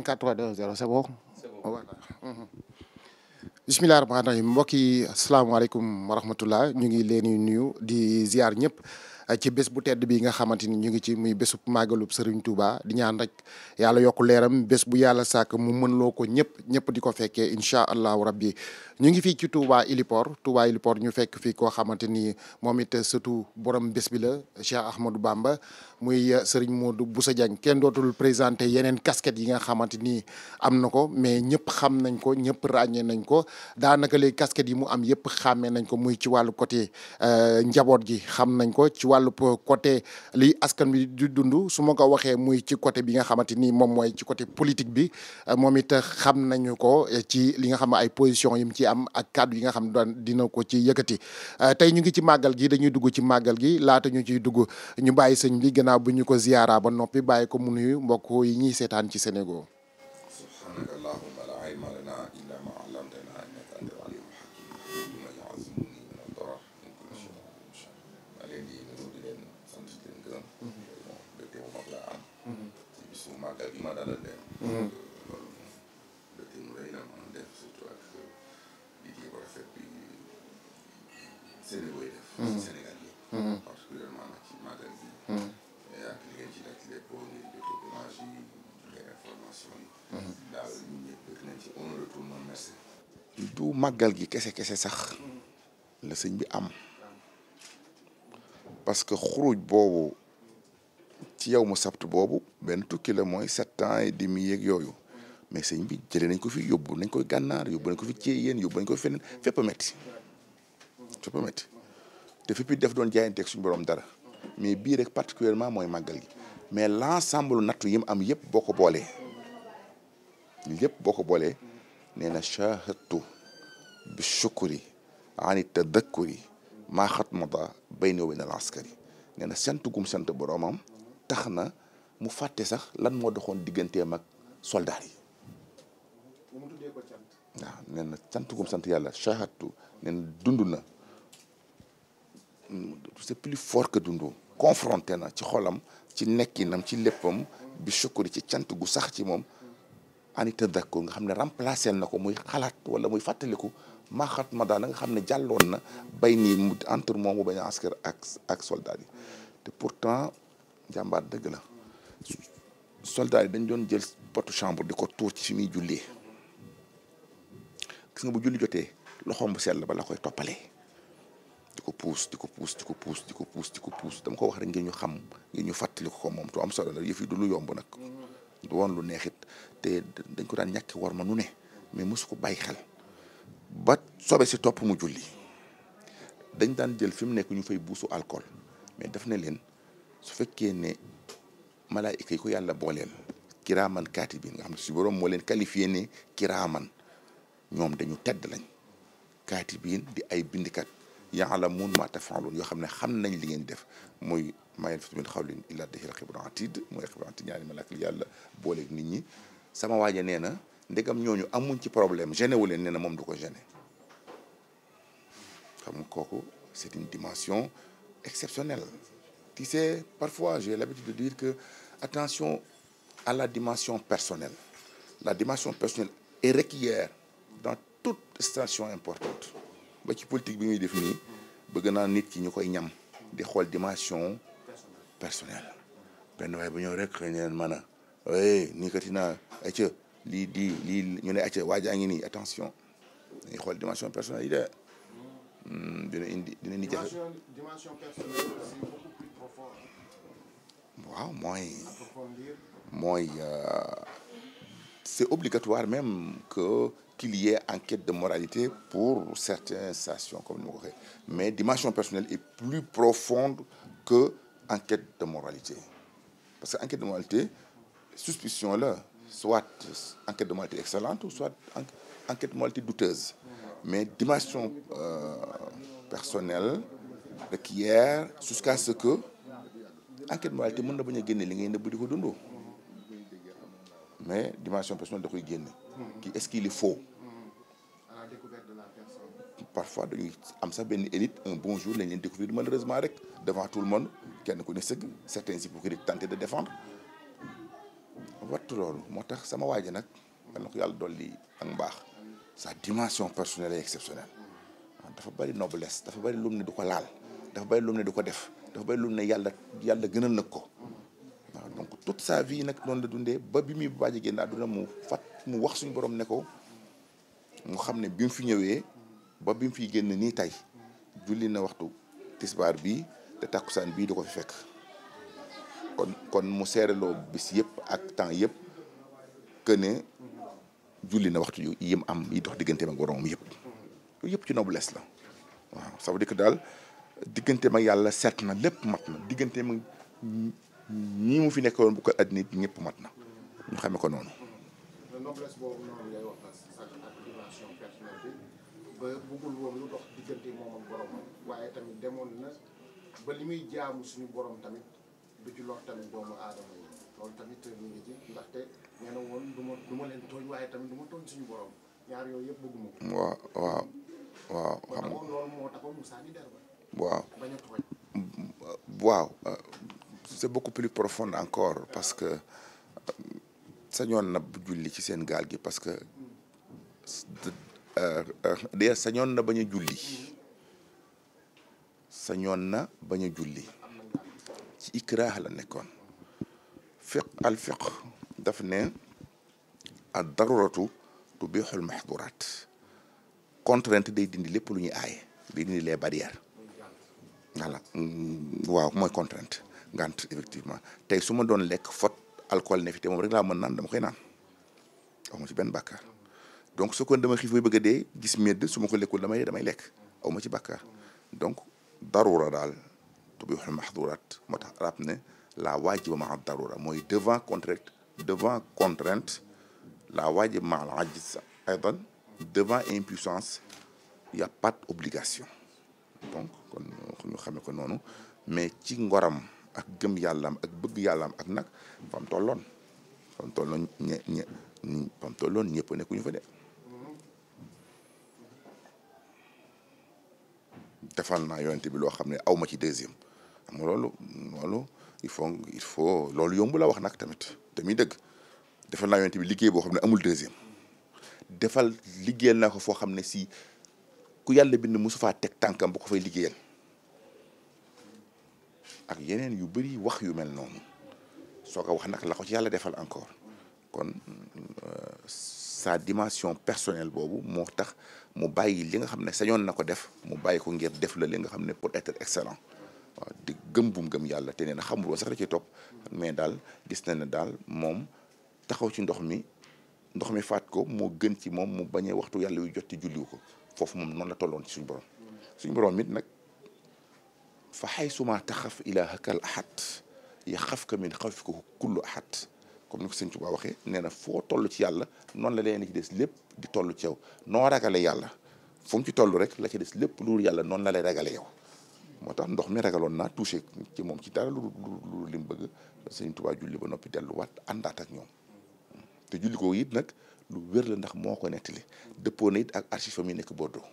54 3 2 0 c'est bon. c'est mhm. mbokk yi asalaamaaleykum wa ñu ngi leen di nuyu di ziar ñëpp. Eh, ci bés bu tedd bi nga xamante ni ñu ngi ci muy bésu màggalub Serigne Touba di ñaan rek yàlla yokk leeram bés bu yàlla sàkk mu mën loo ko ñëpp ñëpp di ko fekkee incha allahu rabbi ñu ngi fii ci Touba Ilipor Touba Ilipor ñu fekk fii koo xamante ni moom it surtout borom bés bi la Cheikh Ahmadou Bamba muy eh, Serigne Modou Boussa Dieng kenn dootul présenté yeneen kasket yi nga xamante ni am na ko mais ñëpp xam nañ ko ñëpp ràññee nañ ko daanaka léegi casquette yi mu am yëpp xàmmee nañ ko muy ci wàllu côté eh, njaboot gi wàllu côté li askan bi di dund su ma ko waxee muy ci côté bi nga xamante ni moom mooy ci côté politique bi moom it xam nañu ko eh, ci li nga xam ay position yim ci am ak kàddu yi nga xam daan dina ko ci yëkkati eh, tey ñu ngi ci màggal gi dañuy dugg ci màggal gi laata ñu ciy dugg ñu bàyyi sëñ bi gannaaw bu ñu ko ziyaara ba noppi bàyyi ko mu nuyu mbokk yi ñuy seetaan ci Sénégal. dara magal màggal gi kese kese sax la sëñ bi am parce que xuruj boobu. ci yow mu sabt boobu benn tu kilo mooy sept ans et demi yooyu mais sëñ bi jëlee nañ ko fi yóbbu nañ ko gànnaar yóbbu nañ ko fi Thiéyène yóbbu nañ ko feneen fépp a metti fépp te fépp def doon jaayanteeg suñu borom dara mais bii rek particulièrement mooy màggal gi mais l' ensemble nattu yi mu am yëpp boo ko boolee yëpp boo ko boolee nee na shahatu bi shukuri ani tadakkuri maa xatmada bayni wa bayna al askari nee na sent gum sant boromam tax na mu fàtte sax lan moo doxoon digganteem ak soldaar yi waaw nee na sant sant yàlla shahatu nee na dund na c'est plus fort que dund confronté na ci xolam ci nekkinam ci léppam bi sukkuri ci cant gu sax ci moom ani ko nga xam ne remplacé na ko muy xalaat wala muy fàttaliku maaxat ma daana nga xam ne jàlloon na bay nii entre moom mu bañ a askar ak ak soldat yi te pourtant jàmbaar dëgg la soldat yi dañ doon jël potu chambre di ko tuur ci fi muy jullee gis nga bu julli jotee loxoom bu sell ba la koy toppalee di ko puus di ko puus di ko puus di ko puus di ko puus dama ko wax rek ngir ñu xam ngir ñu fàttali ko moom tu am solo la yëf yi du lu yomb nag du woon lu neexit te dañ ko daan ñàkk war ma nu ne mais mosu ko bàyyi xel ba sobe si topp mu julli dañ daan jël fi mu nekk ñu fay buusu alcool mais def ne leen su fekkee ne malaayika yi ko yàlla booleel kiraaman kaatibiin nga xam ne su borom moo leen qualifié ne kiraaman ñoom dañu tedd lañ kaatibiin di ay yaa bindikat yaalamuun maa tafaaluun yoo xam ne xam nañ li ngeen def mooy maa yalfizu min qawlin illaa ladayhi raqiibun atiid mooy raqiibun atiid ñaari malaaka yàlla booleeg nit ñi sama waaja nee na ndegam ñooñu amuñ ci problème gêné wu leen nee na moom du ko gêné xam nga kooku c'est une dimension exceptionnelle Tu sais, parfois j'ai l'habitude de dire que attention à la dimension personnelle. La dimension personnelle est requise dans toute station importante. ba ci politique bi muy def nii bëgg naa nit ki ñu koy ñam di xool dimension personnelle benn waaye bu ñëw rek xëy na mën a nii kat naa acca lii di lii ñu ne acca waa jaa ngi nii attention dañuy xool dimension personnelle yi de hmm, dina indi dina dimension personnelle waaw mooy mooy euh, c'est obligatoire même que qu'il y ait enquête de moralité pour certaines stations comme ni ma mais dimension personnelle est plus profonde que enquête de moralité parce que enquête de moralité suspicion là soit enquête de moralité excellente ou soit enquête de moralité douteuse mais dimension euh, personnelle requiert jusqu'à ce que enquête moralité mën na bañ a génne li ngay nëbb di ko dundoo mais dimension personnelle da koy génne. kii est-ce qu'il est faux. la découverte de la personne. parfois am sax benn élite un bon jour lañ leen découvrir malheureusement rek devant tout le monde kenn ku ne sëgg certains hypocrites tenté de défendre wattu loolu moo tax sama waaj ji nag. kan na ko yàlla dool dolli ak mbaax. sa dimension personnelle est exceptionnelle. dafa bari noblesse dafa bari lum ne du ko laal. dafa bari lum ne du ko def. dafa bëri lu ne yàlla yàlla gënal na ko waaw donc tout sa vie nag noonu la dundee ba bi muy baaje génn àdduna mu fat mu wax suñ borom ne ko mu xam ne bi mu fi ñëwee ba bi mu fiy génn nii tey julli na waxtu tisbaar bii te takkusaan bii du ko fi fekk kon kon mu seereloo bis yëpp ak temps yëpp que ne julli na waxtu yu yim am yi dox digganteem ak boroomam yëpp yëpp ci noblesse la waaw ça veut dire que daal digganteem ak yàlla seet na lépp mat na digganteem ak ñi mu fi nekkoon bu ko àddina it ñëpp mat na ñu xamee ko noonu. noblesse boobu noonu ngay wax sax ak dimension personnelle bi ba bëggul woon lu dox diggante moom ak boromam waaye tamit demoon na ba li muy jaamu suñu boroom tamit du ci lor tamit doomu aadama yi loolu tamit ñu ngi ci ndaxte nee woon du ma du ma leen tooñ waaye tamit du tooñ suñu borom ñaar yooyu yëpp bëgguma ko. waaw waaw waaw xam nga loolu moo taxoon Moussa di waaw waaw euh, c'est beaucoup plus profond encore parce que euh, sañoon na julli ci seen gi parce que d'ailleurs euh, sañoon na bañu a julli sañoon na bañu a julli ci ikrah la nekkoon fiq al fiq daf ne ad daruratu tubixul mahduraat contrainte day dindi lépp lu ñuy aaye day dindi les barrières voilà mm, waaw mooy contrainte ngant effectivement tey su ma doon lekk fot alcool ne fi te moom rek laa mën naan dama koy naan aw ma ci benn bàkkaar donc su ko dama xiif may bëgg a dee gis medd su ma ko damay damay lekk aw ma ci bàkkaar donc darura daal tubihul mahduraat moo tax arab ne la waajiba maa darura mooy devant contrainte devant contrainte la waajiba ma al ajiz aydan devant impuissance y a donc kon ñu xamee ko noonu mais ci ngoram ak gëm yàllaam ak bëgg yàllaam ak nag fam tolloon fam tolloon ñe ñe fam tolloon ñëpp nekkuñu fa de defal naa yonent bi loo xam ne aw ma ci deuxième xam nga loolu il faut il faut loolu yombu la wax nag tamit damuy dëgg defal naa bi liggéey boo xam ne amul deuxième defal liggéeyal na ko foo xam ne si ku yàlla bind mosu faa teg tànkam bu ko fay liggéeyal ak yeneen yu bëri wax yu mel noonu soo ko wax nag la ko ci yàlla defal encore kon euh, sa dimension personnel boobu moo tax mu bàyyi li nga xam ne sañoon na ko def mu bàyyi ko ngir def la li nga xam ne pour être excellent waaw di gëm bum gëm yàlla te nee na sax da ci topp mais daal gis na ne daal moom taxaw ci ndox mi ndox mi faat ko moo gën ci moom mu bañee waxtu yàlla yu jot ci julliw ko foofu moom noonu la tolloon ci suñu borom suñu borom it nag fa xaysuma taxaf ilaahaka al ahad yaxafka min xawfika kullu ahad comme ni ko sëñ Tuubaa waxee nee na foo tollu ci yàlla noonu la leen ci des lépp di toll ci yow noo ragale yàlla fu ci toll rek la ci des lépp luur yàlla noonu la lay ragale yow moo tax mi ragaloon naa touché ci moom ci dara li mu bëgg sëñ Tuubaa julli ba noppi delluwaat àndaat ak ñoom te julli ko it nag lu wér la ndax moo ko nettali dëppoo na it ak archives yi nekk Bordeaux